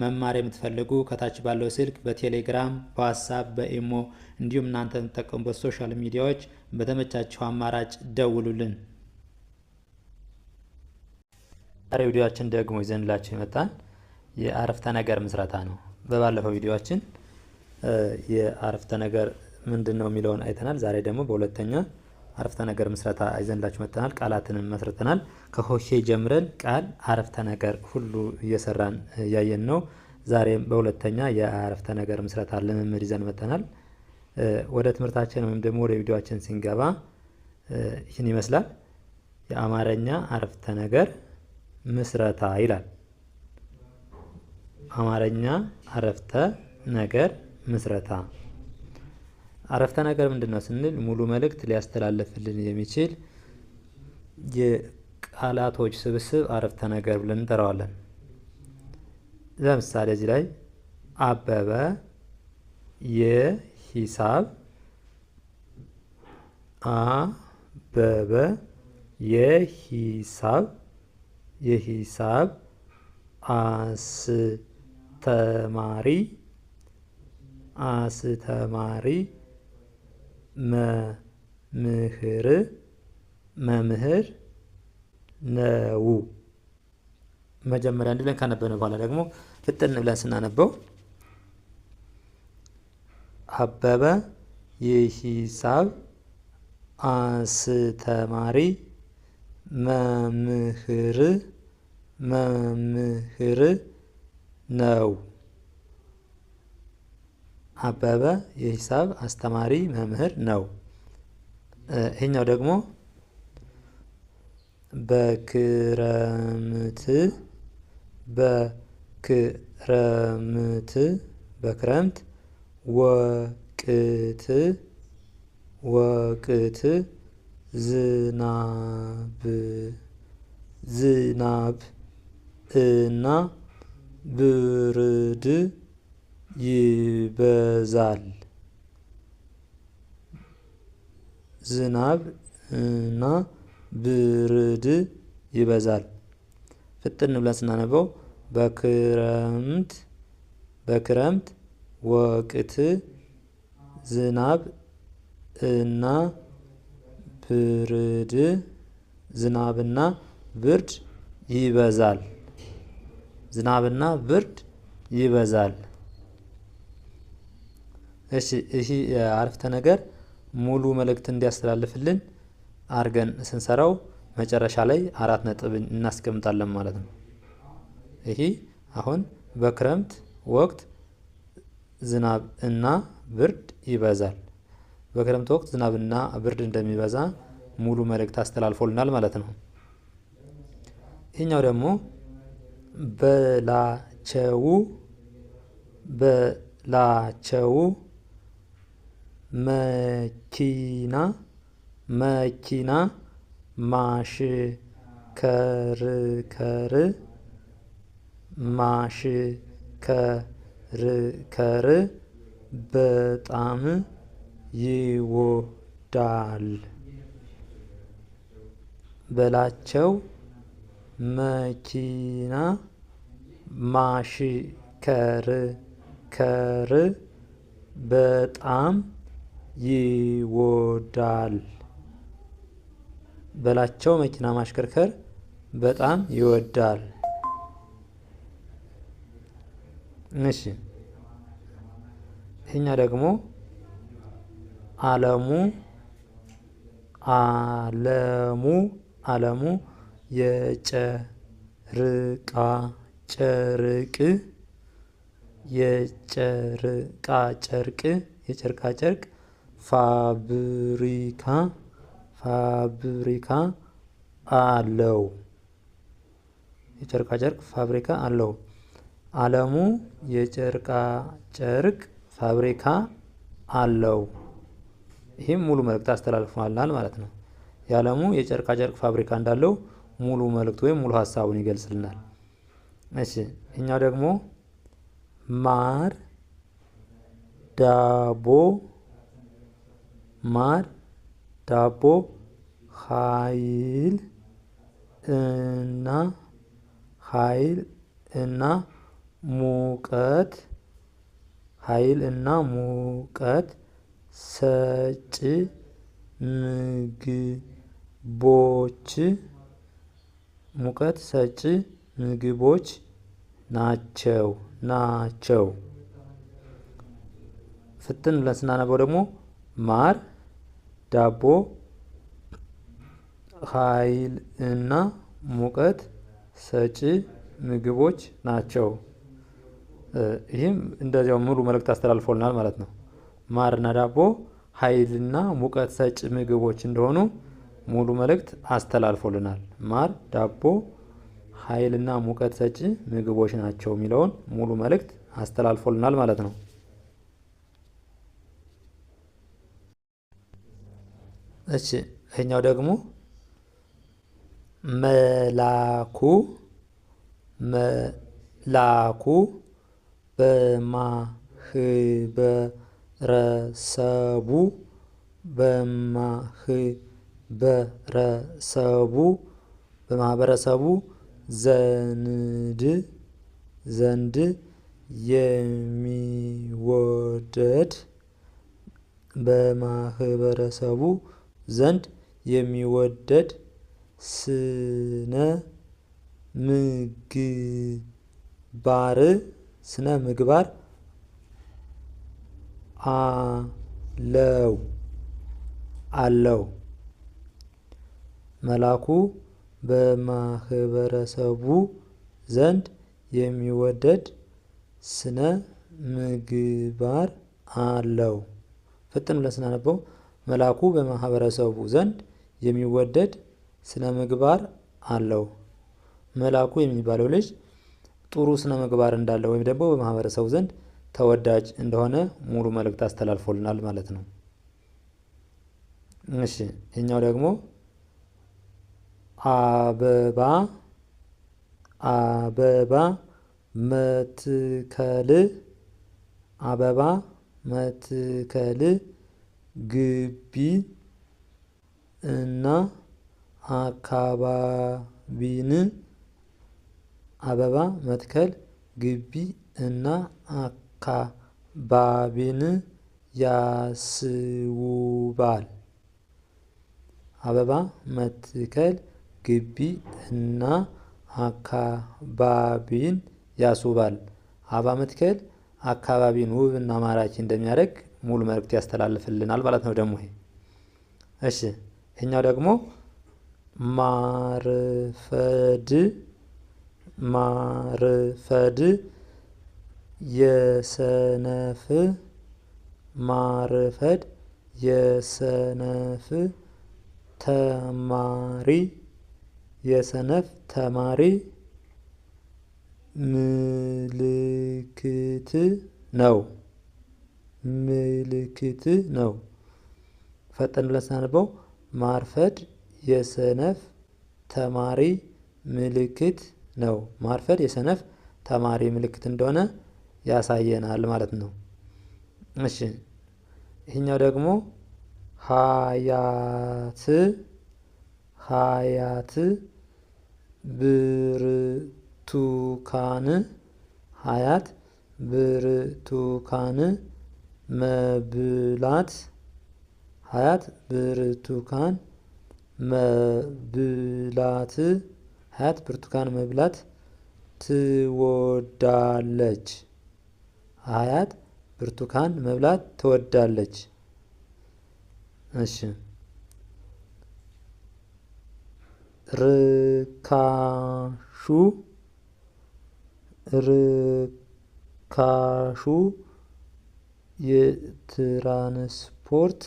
መማር የምትፈልጉ ከታች ባለው ስልክ በቴሌግራም በዋትሳፕ በኢሞ እንዲሁም እናንተ የምትጠቀሙበት ሶሻል ሚዲያዎች በተመቻቸው አማራጭ ደውሉልን። ዛሬ ቪዲዮችን ደግሞ ይዘንላችሁ ይመጣል የአረፍተ ነገር ምስረታ ነው። በባለፈው ቪዲዮችን የአረፍተ ነገር ምንድን ነው የሚለውን አይተናል። ዛሬ ደግሞ በሁለተኛ አረፍተ ነገር ምስረታ ይዘንላችሁ መጥተናል። ቃላትን መስርተናል። ከሆሄ ጀምረን ቃል፣ አረፍተ ነገር ሁሉ እየሰራን እያየን ነው። ዛሬም በሁለተኛ የአረፍተ ነገር ምስረታ ልምምድ ይዘን መጥተናል። ወደ ትምህርታችን ወይም ደግሞ ወደ ቪዲዮችን ስንገባ ይህን ይመስላል። የአማርኛ አረፍተ ነገር ምስረታ ይላል። አማርኛ አረፍተ ነገር ምስረታ አረፍተ ነገር ምንድን ነው ስንል ሙሉ መልእክት ሊያስተላልፍልን የሚችል የቃላቶች ስብስብ አረፍተ ነገር ብለን እንጠራዋለን። ለምሳሌ እዚህ ላይ አበበ የሂሳብ አበበ የሂሳብ የሂሳብ አስተማሪ አስተማሪ መምህር መምህር ነው። መጀመሪያ አንድ ላይ ካነበብን በኋላ ደግሞ ፍጥን ብለን ስናነበው አበበ የሂሳብ አስተማሪ መምህር መምህር ነው። አበበ የሂሳብ አስተማሪ መምህር ነው። ይህኛው ደግሞ በክረምት በክረምት በክረምት ወቅት ወቅት ዝናብ ዝናብ እና ብርድ ይበዛል። ዝናብ እና ብርድ ይበዛል። ፍጥን ብለን ስናነበው በክረምት በክረምት ወቅት ዝናብ እና ብርድ ዝናብና ብርድ ይበዛል። ዝናብና ብርድ ይበዛል። እሺ ይህ አረፍተ ነገር ሙሉ መልእክት እንዲያስተላልፍልን አርገን ስንሰራው መጨረሻ ላይ አራት ነጥብ እናስቀምጣለን ማለት ነው። ይሄ አሁን በክረምት ወቅት ዝናብ እና ብርድ ይበዛል። በክረምት ወቅት ዝናብ እና ብርድ እንደሚበዛ ሙሉ መልእክት አስተላልፎልናል ማለት ነው። ይህኛው ደግሞ በላቸው በላቸው መኪና መኪና ማሽ ማሽ ከርከር በጣም ይወዳል በላቸው መኪና ማሽ ከር በጣም ይወዳል በላቸው መኪና ማሽከርከር በጣም ይወዳል። እሺ ይህኛ ደግሞ አለሙ አለሙ አለሙ የጨርቃ ጨርቅ የጨርቃ ጨርቅ የጨርቃ ጨርቅ ፋብሪካ ፋብሪካ አለው። የጨርቃ ጨርቅ ፋብሪካ አለው። አለሙ የጨርቃ ጨርቅ ፋብሪካ አለው። ይህም ሙሉ መልእክት አስተላልፏል ማለት ነው። የአለሙ የጨርቃ ጨርቅ ፋብሪካ እንዳለው ሙሉ መልእክት ወይም ሙሉ ሀሳቡን ይገልጽልናል። እሺ እኛው ደግሞ ማር ዳቦ ማር ዳቦ ሀይል እና ሀይል እና ሙቀት ኃይል እና ሙቀት ሰጪ ምግቦች ሙቀት ሰጪ ምግቦች ናቸው ናቸው። ፍትን ብለን ስናነበው ደግሞ ማር ዳቦ ኃይል እና ሙቀት ሰጪ ምግቦች ናቸው። ይህም እንደዚያው ሙሉ መልእክት አስተላልፎልናል ማለት ነው። ማርና ዳቦ ኃይልና ሙቀት ሰጪ ምግቦች እንደሆኑ ሙሉ መልእክት አስተላልፎልናል። ማር፣ ዳቦ ኃይልና ሙቀት ሰጪ ምግቦች ናቸው የሚለውን ሙሉ መልእክት አስተላልፎልናል ማለት ነው። እሺ ይሄኛው ደግሞ መላኩ መላኩ በማህበረሰቡ በማህበረሰቡ በማህበረሰቡ ዘንድ ዘንድ የሚወደድ በማህበረሰቡ ዘንድ የሚወደድ ስነ ምግባር ስነ ምግባር አለው አለው። መላኩ በማህበረሰቡ ዘንድ የሚወደድ ስነ ምግባር አለው። ፍጥን ብለን ስናነበው መልአኩ በማህበረሰቡ ዘንድ የሚወደድ ስነ ምግባር አለው። መልአኩ የሚባለው ልጅ ጥሩ ስነ ምግባር እንዳለው ወይም ደግሞ በማህበረሰቡ ዘንድ ተወዳጅ እንደሆነ ሙሉ መልእክት አስተላልፎልናል ማለት ነው። እሺ እኛው ደግሞ አበባ አበባ መትከል አበባ መትከል ግቢ እና አካባቢን አበባ መትከል ግቢ እና አካባቢን ያስውባል። አበባ መትከል ግቢ እና አካባቢን ያስውባል። አበባ መትከል አካባቢን ውብ እና ማራኪ እንደሚያደርግ ሙሉ መልእክት ያስተላልፍልናል ማለት ነው። ደግሞ ይሄ እሺ፣ ይህኛው ደግሞ ማርፈድ ማርፈድ የሰነፍ ማርፈድ የሰነፍ ተማሪ የሰነፍ ተማሪ ምልክት ነው። ምልክት ነው። ፈጠን ብለን ስናነበው ማርፈድ የሰነፍ ተማሪ ምልክት ነው። ማርፈድ የሰነፍ ተማሪ ምልክት እንደሆነ ያሳየናል ማለት ነው። እሺ ይህኛው ደግሞ ሀያት ሀያት ብርቱካን ሀያት ብርቱካን መብላት ሀያት ብርቱካን መብላት ሀያት ብርቱካን መብላት ትወዳለች። ሀያት ብርቱካን መብላት ትወዳለች። እሺ ርካሹ ርካሹ የትራንስፖርት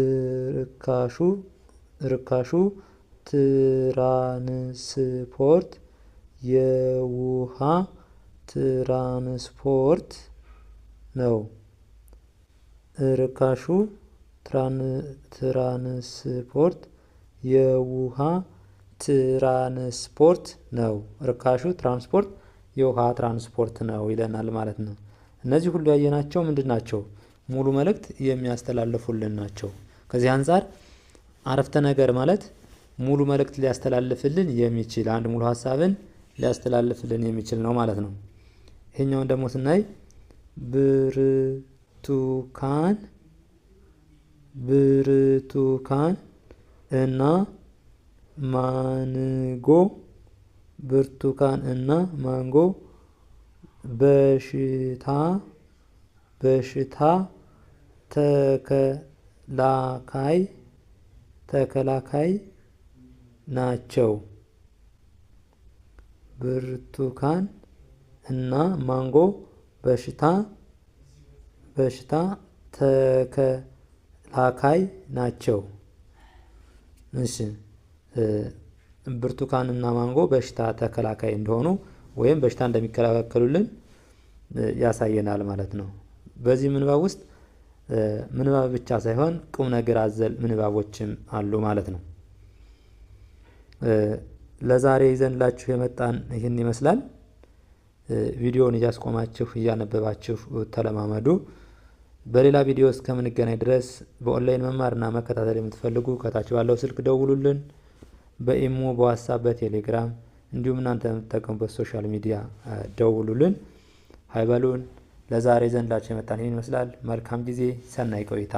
እርካሹ ርካሹ ትራንስፖርት የውሃ ትራንስፖርት ነው። ርካሹ ትራንስፖርት የውሃ ትራንስፖርት ነው። ርካሹ ትራንስፖርት የውሃ ትራንስፖርት ነው ይለናል ማለት ነው። እነዚህ ሁሉ ያየናቸው ምንድን ናቸው? ሙሉ መልእክት የሚያስተላልፉልን ናቸው። ከዚህ አንጻር አረፍተ ነገር ማለት ሙሉ መልእክት ሊያስተላልፍልን የሚችል አንድ ሙሉ ሀሳብን ሊያስተላልፍልን የሚችል ነው ማለት ነው። ይሄኛውን ደግሞ ስናይ ብርቱካን ብርቱካን እና ማንጎ ብርቱካን እና ማንጎ በሽታ በሽታ ተከላካይ ተከላካይ ናቸው። ብርቱካን እና ማንጎ በሽታ በሽታ ተከላካይ ናቸው። እሺ ብርቱካን እና ማንጎ በሽታ ተከላካይ እንደሆኑ ወይም በሽታ እንደሚከላከሉልን ያሳየናል ማለት ነው። በዚህ ምንባብ ውስጥ ምንባብ ብቻ ሳይሆን ቁም ነገር አዘል ምንባቦችም አሉ ማለት ነው። ለዛሬ ይዘንላችሁ የመጣን ይህን ይመስላል። ቪዲዮውን እያስቆማችሁ እያነበባችሁ ተለማመዱ። በሌላ ቪዲዮ እስከምንገናኝ ድረስ በኦንላይን መማርና መከታተል የምትፈልጉ ከታች ባለው ስልክ ደውሉልን። በኢሞ፣ በዋትሳፕ፣ በቴሌግራም እንዲሁም እናንተ የምትጠቀሙበት ሶሻል ሚዲያ ደውሉልን፣ ሀይበሉን። ለዛሬ ዘንዳቸው የመጣን ይህን ይመስላል። መልካም ጊዜ፣ ሰናይ ቆይታ